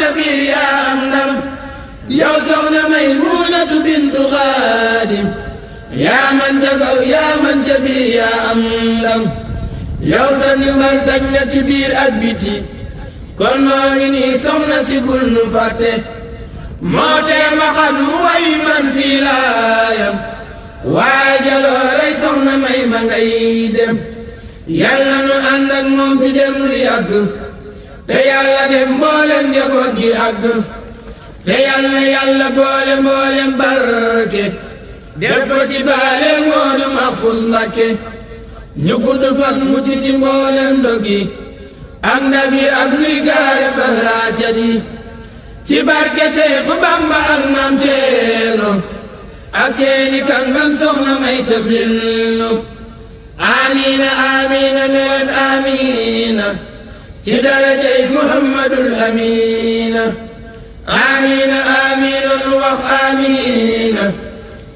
جميع أمنم يا زغن ميمونة بنت غادم يا من جبو يا من جبي يا أمنم يا زغن ملتنة بير أدبتي كل ما إني سمنا سيقول نفاته موت مخن ويمن في لايم واجلو ري سمنا ميمن غيدم يلا نو أندك موت دم رياضو te yàlla def mboolem njaboot gi te yàlla yàlla boole mboolem barke def ko ci baale Moodu Mahfuus Mbakke ñu gudd fan mucc ci mboolem ndogi ak nabi ak luy gaare fëhraaca di ci barke Seexu Bamba ak maam Ceerno ak seeni kàngam soxna may tëflil nu amiina amiina neen amiina ci darajay muhammadul amiina amiina amiina nu wax amiina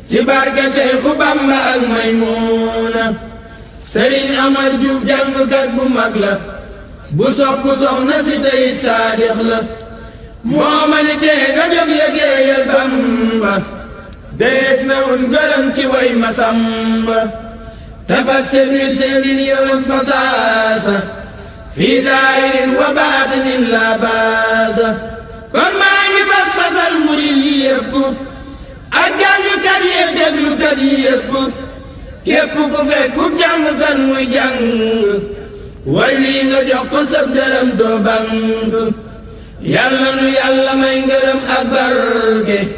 ci barke Seexu Bamba ak Maymuuna sëriñ Amar Juuf jàngkat bu mag la bu sopp soxna si tey saadix la moo ma ni tee nga jóg liggéeyal Bamba dees na un gërëm ci way Masamba tafas sëriñ sëriñ yërëm fa saasa في زائر وباطن لا باز كما يفسفز المريد يبقى أجانو كريه دجلو كريه يبقى كيف كفه كجان كان مجان ولي نجاق سبدرم دوبان يالا نو يالا ما ينجرم أكبرك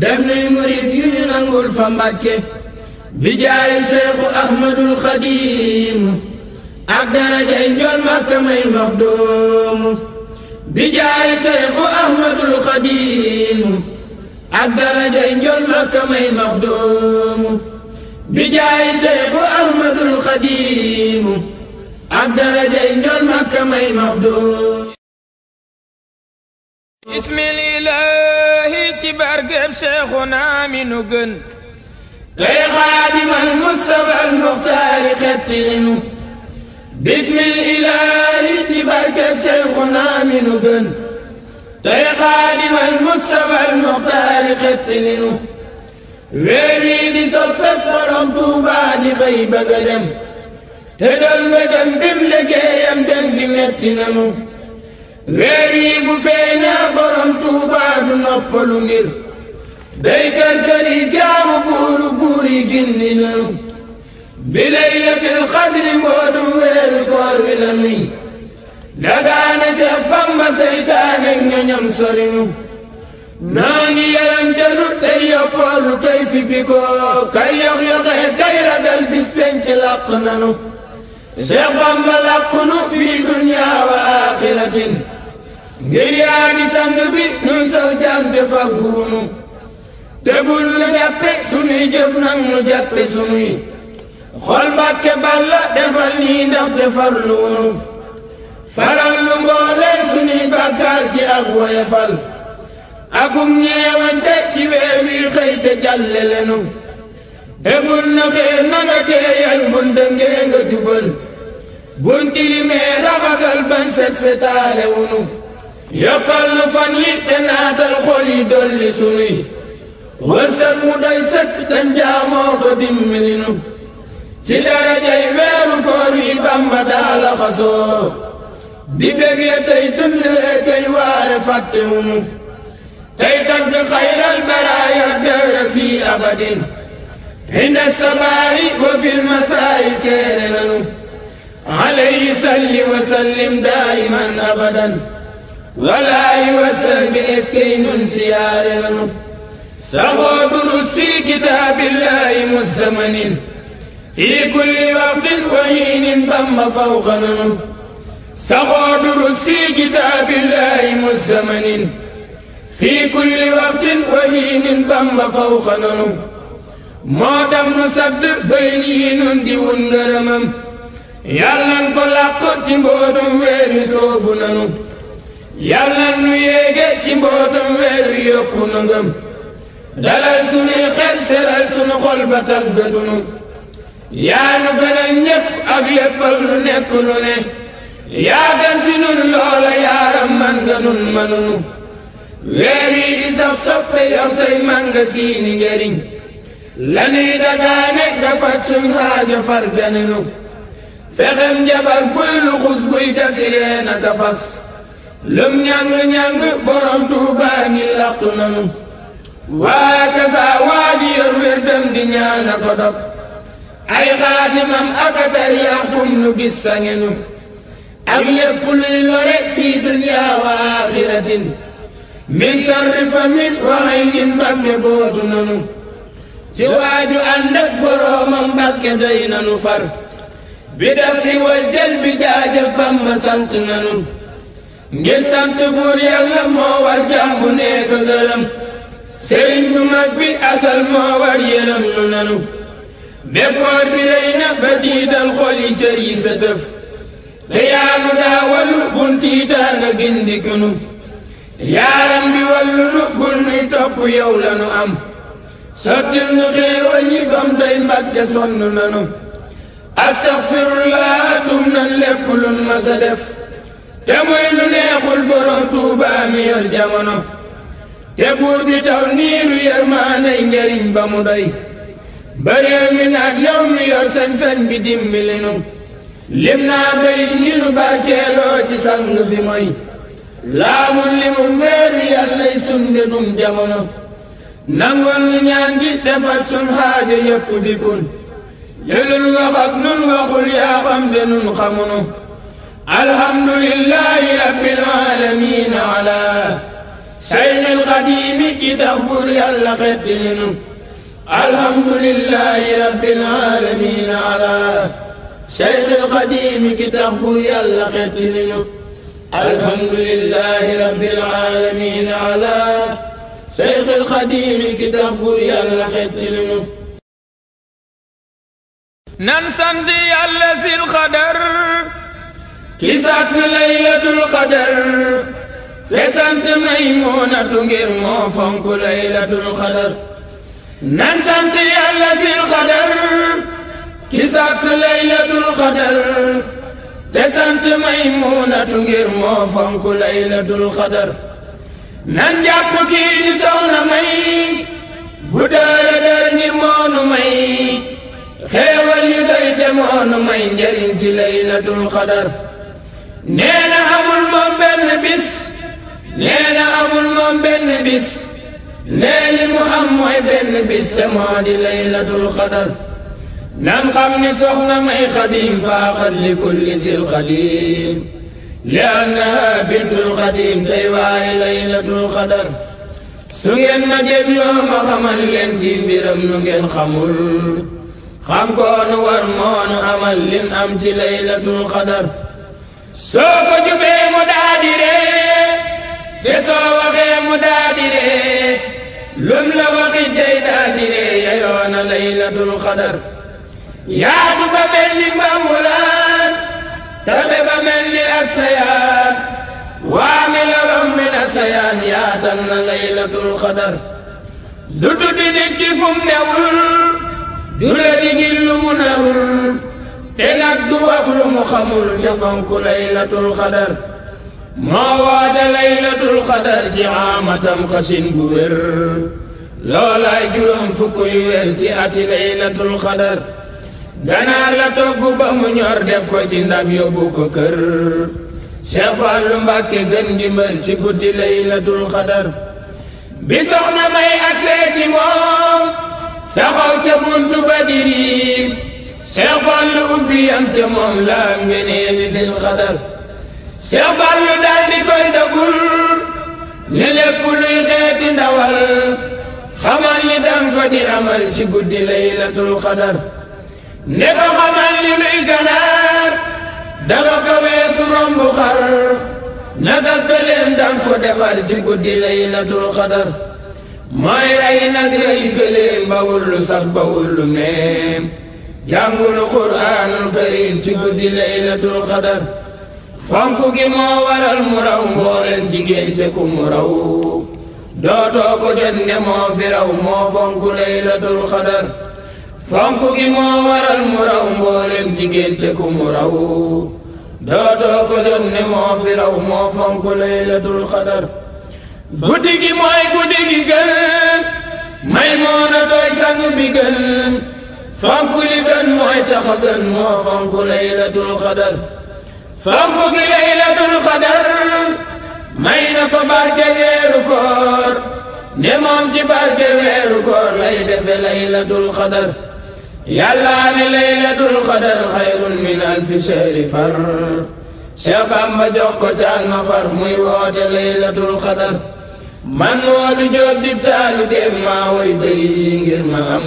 دفني مريد ينين أنغول فمكي بجاي شيخ أحمد الخديم الدرجة جون ما تمي مخدوم شيخ أحمد القديم الدرجة جون ما تمي مخدوم شيخ أحمد القديم الدرجة جون ما تمي بسم الله تبارك شيخنا من جن غير خادم المصطفى المختار خدتينه بسم الإله تبارك بشيخنا من ابن طيق عالم المستوى المختار ختلنو ويري دي برمتو بعد خيب قدم تدل بدم ببلك ايام دم ويري بفينا برمتو بعد نقل نير ديكر كريد يا مبور بوري جننو بليلة القدر موتوا الكور ولمي لغان ما بسيطان ان سرنو ناني يرم جلو تيبول كيف بكو كي يغيغ قلب قلبس لقنن لقننو ما لقن في دنيا وآخرة نرياني سنگ بي نسو جنب فقونو تبول جبك سني جفنن جبك سني xol mbàkke balla defal nii ndaxte farlu faral lu mbooleen sunuy bàkkaar ci ak woyefal akum ñeewante ci weer wi xëy te jàlle na xee na nga teeyal jubal bun tilimee raxasal ban set wunu yokkal nu fan yi naatal xol dolli sunuy wërsëg mu doy sëkk tan jaamoo ko ci darajay weeru koor wi Bamba daa la xasoo di bégle tey dundle tey waare fàttewum tey tagg xayral baraaya dëwre fii abadin inda sabaayi wa fil masaayi seere alayhi salli wa sallim daayiman abadan walaayi wa sahbi eskey nun siyaare nanu saxoo durus fii muzamanin في كل وقت وحين بم فوقنا سغاد رسي كتاب الله مزمن في كل وقت وحين بم فوقنا ما دم نسد بيني نندي ونرم يالن كل قد تبودم ويري صوبنا يالن ويجي تبودم ويري يقنا دلال سني خير سرال سن خلبتك بدنو yaa nu gënal ñépp ak lépp ak lu nekk lu ne yaa gën ci nun loola yaaram man nga nun manunu weer yi di saf soppe yor say manga siini njëriñ lanuy dagaane gafak suñ xaajo far ganinu fexem jabar buy luxus buy dasiree na kafas lum ñàng-ñàng borom tuubaa ngi làqu nanu waa kasa waa ji yor wér dem di ñaana ko dog ay xaadimam ak a tariyaaxum nu gis sangenu ak lépp luy lore fii duniyaa aaxiratin min sharri famin wa aynin Mbàkke bootu nanu ci waaju ànd ak boroomam Mbàkke doy nanu far bi daf ri wal jël bi nanu ngir sant buur yàlla moo war jàmbu nekk gërëm sëriñ asal moo war nu nanu بكور بلينا بديد الخل جري ستف ليالو داولو بنتي تانا جندكنو yaaram bi wallu nu bul nuy topp yow lanu am sottil nu xéewal yi bam doy mbàkke sonn nanu astaxfirullah tum nan lépp lun masa def te muy lu neexul borom tuuba mi yor jamono te buur bi taw niiru yërmaanay njariñ ba mu doy بري من اليوم يرسن سن بدم ملنو لمنا بين باكيلو تسن بمي لا من لم غير يلي سندم دم جمنو نغون نيان دي دم سن حاجه يب بكون يلن وقل وقل يا غمدن خمونو الحمد لله رب العالمين على سيد القديم كتب يلا قتلنو الحمد لله رب العالمين على شيخ القديم كتابه يلا ختنينو الحمد لله رب العالمين على شيخ القديم كتابه يلا ختنينو ننسند الذي القدر كسات ليلة القدر لسنت ميمونة غير مو ليلة القدر nan sant yàlla fil xadar ki sàkk laylatul xadar te sant Maymunatu ngir moo fonk laylatul xadar nan jàpp kii di soxna may bu dëra dër ngir moonu may xéewal yu doy te moonu may njëriñ ci laylatul xadar nee na amul moom benn bis nee na amul moom benn bis léegi mu am mooy benn bis sama di laylatul xadar nan xam ni soxna may xadim faaxat li kulli sil li annaha bintul xadim tey waaye laylatul xadar su ngeen ma dégloo ma xamal leen ci mbiram xam koo war moonu amal lin am ci laylatul xadar soo jubee mu te soo waxee mu lum la waxit day daal di ree yeyoo na laylatul xadar yaatu ba mel ni mbambulaan tabe ba mel ni ak sayaan waa mi la wam mi na sayaan yaatal na laylatul xadar du tudd nit ki fum newul du la digil lu mu newul te nag du wax lu mu xamul te fonk laylatul xadar moo waade laylatul xadar ci amatam xasin bu wér loolaay juróom fukkuy wér ci ati laylatul xadar ganaar la togg ba mu ñor def ko ci ndam yóbbu ko kër Cheikh Fallou Mbàkke gën ndimbal ci guddi laylatul xadar bi soxna may agsee ci moom taxaw ca buntu badiri Cheikh Fallou ubbi am ca moom la ngenee li xadar Seex Fallu dal koy dagul ni lépp luy xeeti ndawal xamal ni ko di amal ci guddi laylatul xadar ne ko xamal luy ganaar danga ko weesu romb xar naka këleem dan ko defar ci guddi laylatul xadar mooy rey nag rey këleem bawul lu sax bawul lu meem jàngul quraanul karim ci guddi laylatul xadar fonk gi moo waral mu raw ngóoreel jigéen te ku mu raw dootoo ko ne moo fi raw moo fonk laylatul xadar fonk gi moo waral mu raw mbooleem jigéen te ku mu raw dootoo ko ne moo fi raw moo fonk laylatul xadar guddi gi mooy guddi gi may moona tooy sang bi gën fonk li gën mooy tax a gën moo fonk laylatul xadar fonk gi laylatul xadar may na ko barke weeru koor ne moom ci barke weeru koor lay defe laylatul xadar yàllaa ne laylatul xadar xayrun min alfi shahri far Cheikh Bamba jox ko caag ma far muy woote laylatul xadar man woodu jóob di taalu dem maa woy yi ngir ma am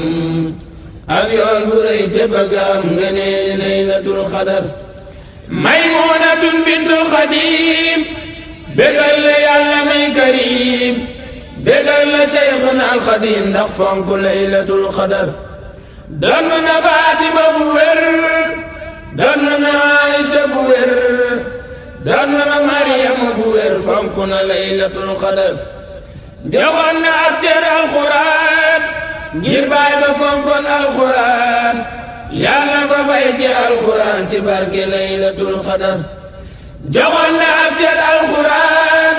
ab yoon bu rëy te bëgg am nga nee ni xadar ميمونة بنت القديم بقل يا علمي كريم بقل شيخنا القديم نقفاً كل ليلة القدر دمنا فاتمة بوير دمنا عائشة بوير دمنا مريم بوير فانكنا ليلة القدر جوانا أكتر القرآن جير بايبا فانكنا القرآن yàlla ko fay ci alxuraan ci barke laylatul xadar joxoon na ab jël alxuraan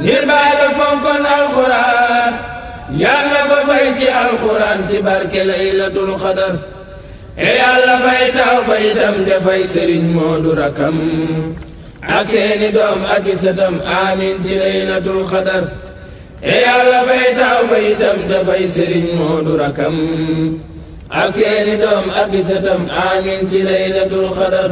ngir baay ba fonkoon alxuraan yàlla ko fay ci alxuraan ci barke laylatul xadar e yàlla fay taw ba itam dafay sëriñ moodu rakam ak seeni doom ak isatam amiin ci laylatul xadar e yàlla fay taw ba itam dafay sëriñ moodu rakam ak seeni doom ak i sëtam amin ci laylatul xadar